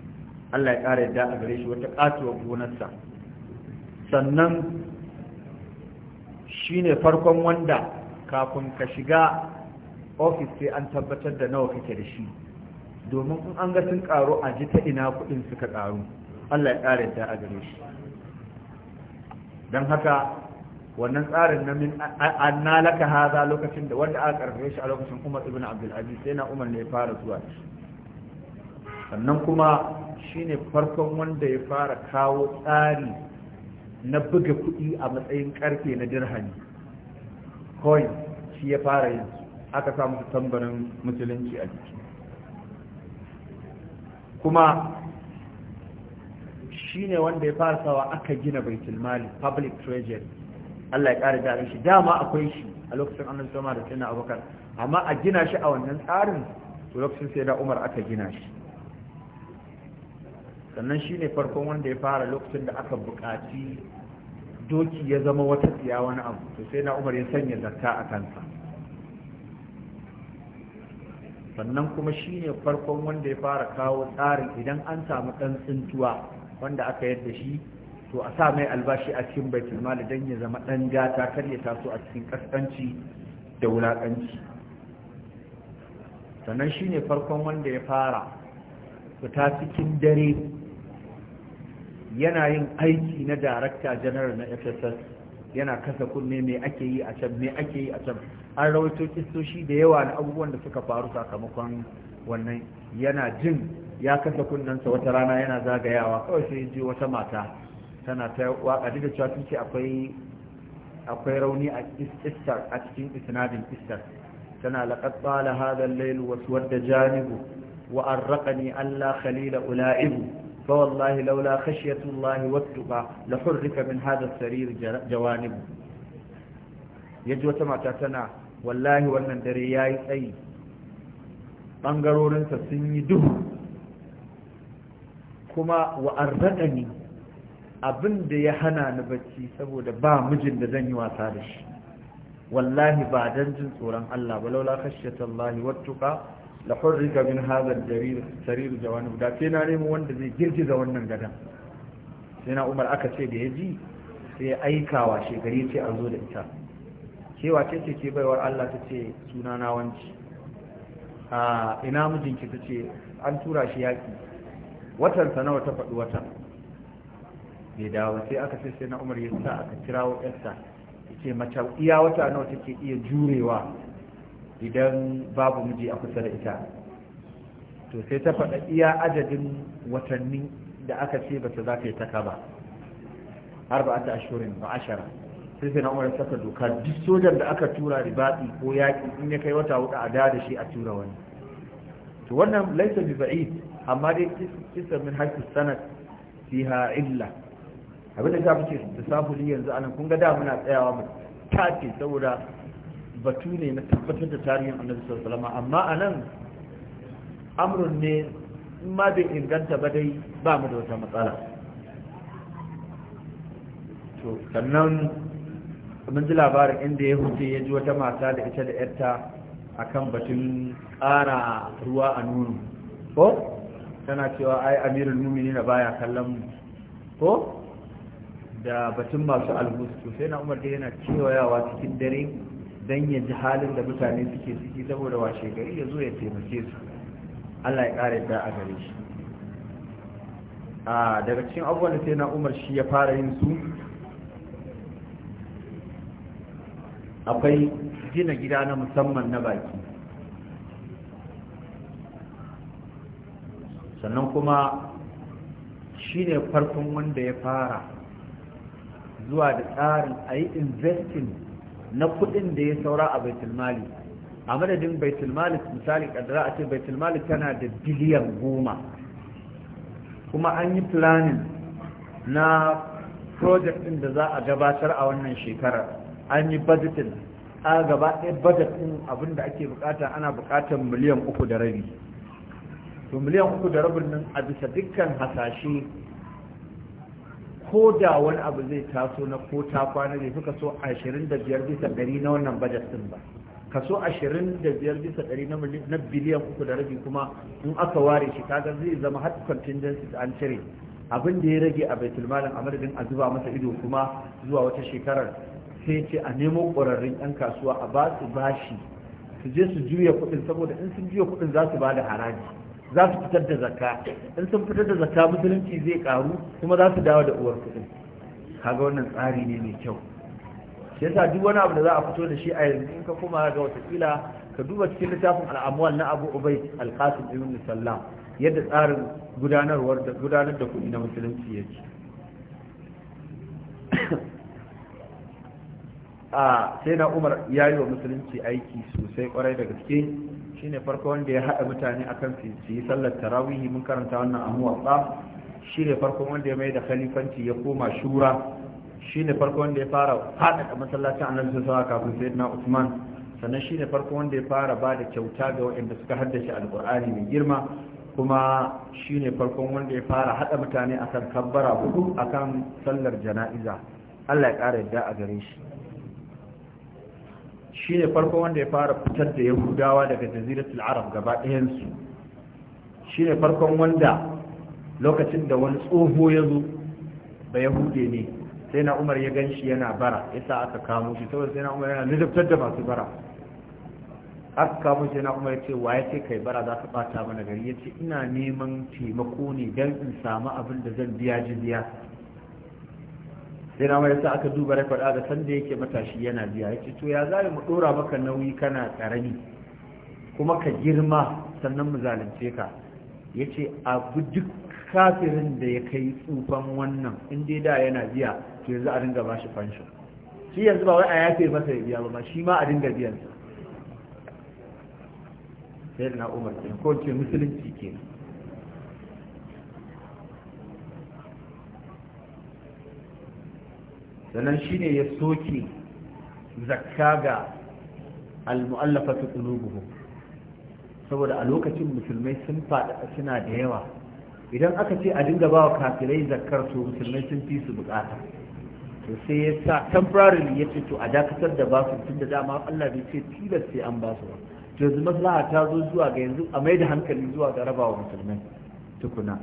Allah ya ƙara yadda a gare shi wata katuwa gonarsa sannan shi ne farkon wanda kafin ka shiga ofis sai an tabbatar da nawa kake da shi domin in an ga sun karu a ji ta ina kudin suka karo Allah ya kare ta a gare shi don haka wannan tsarin na min anna laka hada lokacin da wanda aka karfe shi a lokacin Umar ibn Abdul Aziz sai na Umar ne ya fara zuwa sannan kuma shine farkon wanda ya fara kawo tsari na buga kuɗi a matsayin karfe na dirhami coin shi ya fara yin su aka sa musu tambarin musulunci a jiki kuma shi ne wanda ya fara sawa aka gina baitul mali public treasury Allah ya ƙara jarin shi dama akwai shi a lokacin annabi zama da sayyidina abubakar amma a gina shi a wannan tsarin to lokacin sai na umar aka gina shi sannan shi ne farkon wanda ya fara lokacin da aka buƙaci doki ya zama wata tsiya wani abu to sai na umar ya sanya zakka a kansa sannan kuma shine farkon wanda ya fara kawo tsarin idan an samu ɗan tsintuwa wanda aka yadda shi to a sa mai albashi a cikin baitul mal don ya zama ɗan gata kar ya taso a cikin kaskanci da wulaƙanci sannan shine farkon wanda ya fara fita cikin dare yana yin aiki na darakta janar na fss yana kasa kunne me ake yi a can ake yi a can an rawaito kistoshi da yawa na abubuwan da suka faru sakamakon wannan yana jin ya kasa kunnensa wata rana yana zagayawa kawai sai ji wata mata tana ta waka duk da cewa ce akwai akwai rauni a istar a cikin isnadin istar tana laqad qala hadha al-layl waswadda janibu wa arraqani alla khalila ulaibu فوالله لولا خشية الله والتقى لحرك من هذا السرير جوانب يجوى تماتا تنا والله wannan dare yayi tsayi bangarorinsa sun yi duhu kuma wa arzaqani abinda ya hana ni bacci saboda ba mijin da zan yi wasa da shi wallahi ba dan jin tsoron Allah ba laula khashyatallah wattuqa la hurrika min hadha al-jarir sarir jawanib da sai na nemo wanda zai girgiza wannan gadan sai na Umar aka ce da yaji sai aikawa shekari ce an zo da ita cewa ce ce ke baiwar Allah ta ce suna na wanci a ina mijinki ta ce an tura shi yaki watan sana nawa ta faɗi wata bai dawo sai aka ce sai na Umar ya sa aka kirawo yarsa yace mace iya wata nawa take iya jurewa idan babu miji a kusa da ita to sai ta faɗa iya adadin watanni da aka ce ba ta za ta yi taka ba ta ashirin ba ashara sai sai na umar saka doka duk sojan da aka tura ribaɗi ko yaƙi in ya kai wata huɗu a da shi a tura wani to wannan laisa bi ba'id amma dai kisa min sanar sanad fiha illa abin da ta fice da safuli yanzu anan kun ga da muna tsayawa mu tafi saboda batu ne na tabbatar da tarihin annabi sallallahu alaihi amma anan amrun ne ma bai inganta ba dai ba mu da wata matsala to sannan mun ji labarin inda ya huce ya ji wata mata da ita da yarta akan batun ƙara ruwa a nuru ko tana cewa ai amirul na baya kallon mu ko da batun masu alhusu sai na umar da yana cewa yawa cikin dare don ya ji halin da mutane suke ciki saboda washe gari ya zo ya taimake su allah ya ƙara yadda a gare shi a daga cikin abubuwan da sai na umar shi ya fara yin su akwai gina gida na musamman na baki sannan kuma shi ne farkon wanda ya fara zuwa da tsarin a yi investing na kuɗin da ya saura a baitul a madadin baitul misali kaddara a ce baitul tana da biliyan goma kuma an yi planning na project din da za a gabatar a wannan shekarar an yi budgeting a gaba ɗaya budget abin da ake bukata ana bukatar miliyan uku da rabi to miliyan uku da rabin nan a bisa dukkan hasashe ko da wani abu zai taso na ko ta kwana bai fi kaso 25 bisa ɗari na wannan bajet din ba kaso 25 bisa ɗari na biliyan uku da rabi kuma in aka ware shi kaga zai zama har contingency an cire abin da ya rage a baitulmalin a madadin a zuba masa ido kuma zuwa wata shekarar sai ce a nemo ƙwararrun 'yan kasuwa a ba su bashi su je su juya kuɗin saboda in sun juya kuɗin za su ba da haraji za su fitar da zakka in sun fitar da zakka musulunci zai karu kuma za su dawo da uwar kuɗin kaga wannan tsari ne mai kyau shi yasa duk wani abu da za a fito da shi a yanzu in ka koma ga wata kila ka duba cikin littafin al'amuwan na abu ubai alqasim ibn sallam yadda tsarin gudanarwar da gudanar da kuɗi na musulunci yake a sai na umar yayi wa musulunci aiki sosai kwarai da gaske shine farko wanda ya haɗa mutane akan su yi sallar tarawihi mun karanta wannan a muwatsa shine farko wanda ya mai da khalifanci ya koma shura shine farko wanda ya fara faɗaɗa masallacin annabi sallallahu kafin sayyidina Usman sannan shine farko wanda ya fara ba da kyauta ga waɗanda suka haddace alqur'ani mai girma kuma shine farkon wanda ya fara haɗa mutane akan kabbara hudu akan sallar jana'iza Allah ya ƙara yadda a gare shi Shi ne farko wanda ya fara fitar da yahudawa daga jaziratul arab gaba ɗayansu ne farkon wanda lokacin da wani tsoho ya zo da yahude ne sai na umar ya gan shi yana bara ya sa aka kamo shi saboda sai na umar yana nizabtar da masu bara aka kamo shi na umar ya ce wa ya ce kai bara za ka bata mana gari ya ce ina neman taimako ne don in samu abin da zan biya jiziya sai na wani sa aka duba rekod da san da yake matashi yana biya ya ce to ya zai mu dora maka nauyi kana karami kuma ka girma sannan mu zalunce ka ya ce abu duk kafirin da ya kai tsufan wannan in dai da yana biya to yanzu a dinga bashi fansho shi yanzu ba wai a yafe masa ya biya ba shi ma a dinga biyansa sai na umar ko ce musulunci kenan sannan ne ya soke zakka ga almu'allafatu qulubuhum saboda a lokacin musulmai sun faɗa suna da yawa idan aka ce a dinga ba wa kafirai zakkar su musulmai sun fi su bukata to sai ya sa temporarily ya ce to a dakatar da ba su tun da dama Allah bai ce tilas sai an ba su ba to yanzu maslaha ta zo zuwa ga yanzu a mai da hankali zuwa ga rabawa musulmai tukuna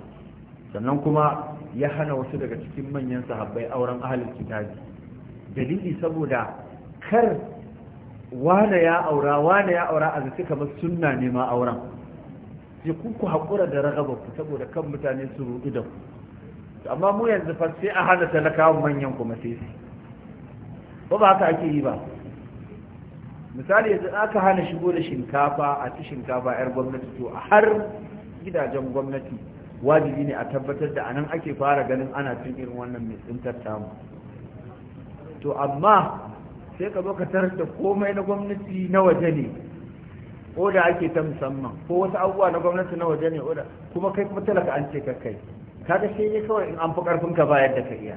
sannan kuma ya hana wasu daga cikin manyan sahabbai auren ahalin kitabi dalili saboda kar wane ya aura wane ya aura a zai kamar sunna ne ma auren sai ku ku haƙura da ragaba ku saboda kan mutane su rudu da ku amma mu yanzu fa sai a hana talakawan manyan kuma sai su ba ba haka ake yi ba misali yanzu aka hana shigo da shinkafa a ci shinkafa yar gwamnati to a har gidajen gwamnati wajibi ne a tabbatar da anan ake fara ganin ana cin irin wannan mai tsintar to amma sai ka zo ka tarar da komai na gwamnati na waje ne da ake ta musamman ko wasu abubuwa na gwamnati na waje ne kuma kai kuma talaka an ce ka kai kaga sai ne kawai in an fi karfin ka bayar da ka iya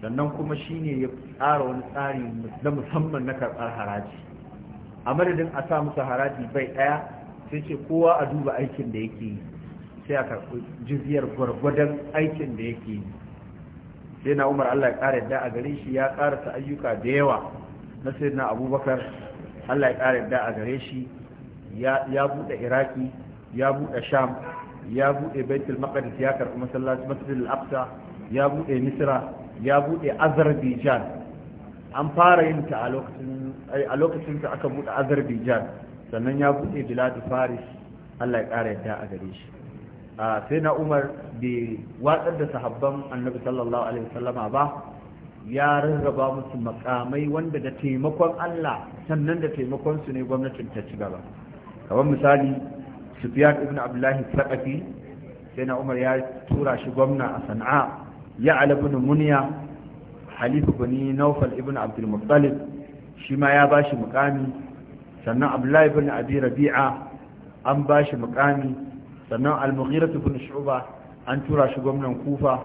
sannan kuma shine ya tsara wani tsari na musamman na karɓar haraji a madadin a sa musu haraji bai ɗaya sai ce kowa a duba aikin da yake yi sai a karɓi jiziyar gwargwadon aikin da yake yi sai na umar allah ya ƙara yadda a gare shi ya ta ayyuka da yawa na sai na abubakar allah ya ƙara yadda a gare shi ya buɗe iraki ya buɗe sham ya buɗe baitul maqdis ya karɓi masallaci masjidil aqsa ya buɗe misra ya buɗe azerbaijan an fara yin ta a lokacin ta aka buɗe azerbaijan sannan ya buɗe biladu faris allah ya ƙara yadda a gare shi sai na umar bai watsar da sahabban annabi sallallahu alaihi wasallama ba ya rarraba musu makamai wanda da taimakon allah sannan da taimakon su ne gwamnatin ta ci gaba kamar misali sufyan ibn abdullahi sakafi sai na umar ya tura shi gwamna a sana'a ya alabun muniya halifu bani naufal ibn abdul muttalib shi ma ya shi mukami sannan abdullahi ibn abi rabi'a an ba shi mukami sannan al-mughirah ibn shu'ba an tura shi gwamnan kufa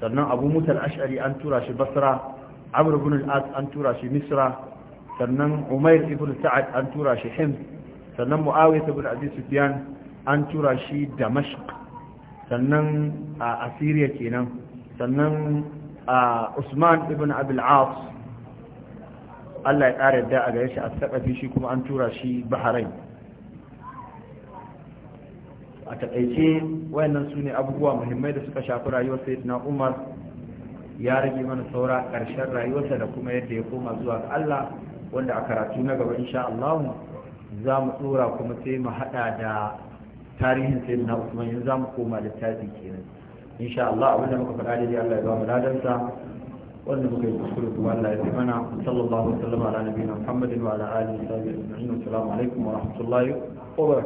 sannan abu musa al-ash'ari an tura shi basra amr ibn al-as an tura shi misra sannan umair ibn sa'ad an tura shi hims sannan muawiyah ibn abi sufyan an tura shi damashq sannan a asiriya kenan sannan Usman ibn Abil Aas Allah ya ƙara yadda a gare shi a saƙafi shi kuma an tura shi Bahrain a taƙaice wayannan sune ne abubuwa muhimmai da suka shafi rayuwar Sayyidina Umar ya rage mana saura ƙarshen rayuwarsa da kuma yadda ya koma zuwa ga Allah wanda a karatu na gaba insha Allah za mu tsora kuma sai mu haɗa da tarihin Sayyidina Usman yanzu za mu koma littafi kenan إن شاء الله أولا مكفر آجدي على إدوام الآدم سا وأولا مكفر أسكركم على إدوامنا صلى الله وسلم على نبينا محمد وعلى آله وصحبه وسلم عليكم ورحمة الله وبركاته